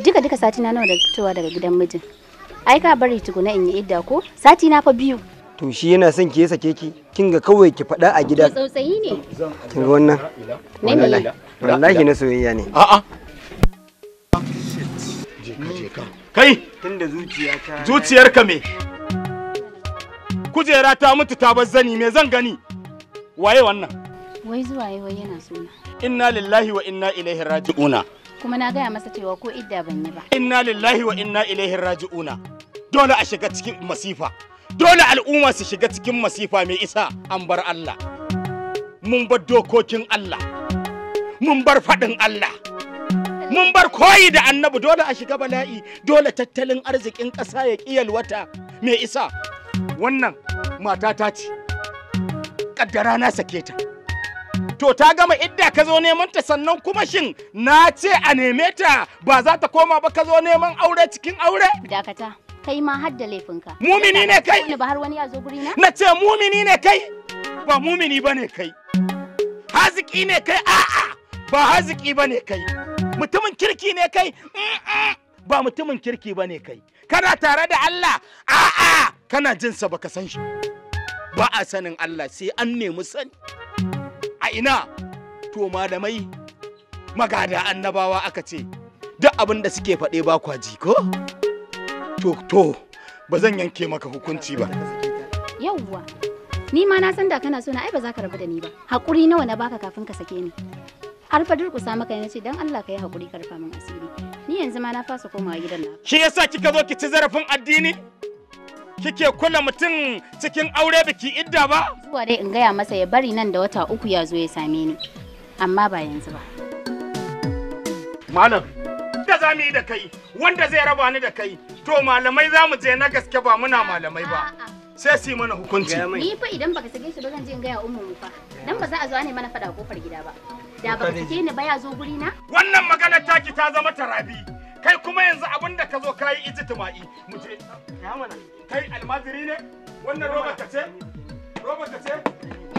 duka duka sati na nawa da fitowa daga gidan mijin ai ka bari tukuna in yi idda ko sati na fa biyu to shi yana son ki sake ki kin ga kawai ki faɗa a gida tsautsayi ne kin ga wannan wallahi wallahi na soyayya ne a'a kai tunda zuciyarka zuciyarka me kujera ta mutu ta bazzani me zan gani waye wannan wai zuwa wai yana suna inna lillahi wa inna ilaihi raji'una kuma na gaya masa cewa ko idda ban yi ba inna lillahi wa inna ilaihi raji'una dole a shiga cikin masifa dole al'umma su shiga cikin masifa mai isa an bar Allah mun bar dokokin Allah mun bar faɗin Allah mun bar koyi da annabi dole a shiga bala'i dole tattalin arzikin ƙasa ya kiyal wata mai isa wannan mata ta ce ƙaddara na sake ta to ta gama idda ka zo neman ta sannan kuma shin na ce a neme ta ba za ta koma ba ka zo neman aure cikin aure dakata kai ma har da laifinka mumini ne kai ba har wani ya zo guri na na ce mumini ne kai ba mumini bane kai haziki ne kai a'a ba haziki bane kai mutumin kirki ne kai ba mutumin kirki bane kai kana tare da Allah a'a kana jinsa baka san shi ba a sanin Allah sai an nemi sani a ina to malamai magada annabawa aka ce duk abin da suke faɗe ba kwaji ko to to ba zan yanke maka hukunci ba yawwa ni ma na san da kana so na ai ba za rabu da ni ba hakuri nawa na baka kafin ka sake ni alfa durƙusa maka ne ce dan Allah ka yi hakuri ka rufa min asiri ni yanzu ma na fasa komawa gidan na shi yasa kika zo ki ci zarafin addini kike kula mutum cikin aure biki idda ba? Zuwa dai in gaya masa ya bari nan da wata uku ya zo ya same ni, amma ba yanzu ba. Malam, da za mu yi da kai, wanda zai raba ni da kai, to malamai za mu je na gaske ba muna malamai ba. Sai su yi mana hukunci. Ni fa idan baka sake shi ba zan je in gaya mu fa. Dan ba za a zo ne mana fada kofar gida ba. Da baka sake ni ba ya zo guri na? Wannan magana taki ta zama tarabi. kai kuma yanzu abin da ka zo ka yi ijitima'i mu je kai almajiri ne wannan robar ka ce robar ka ce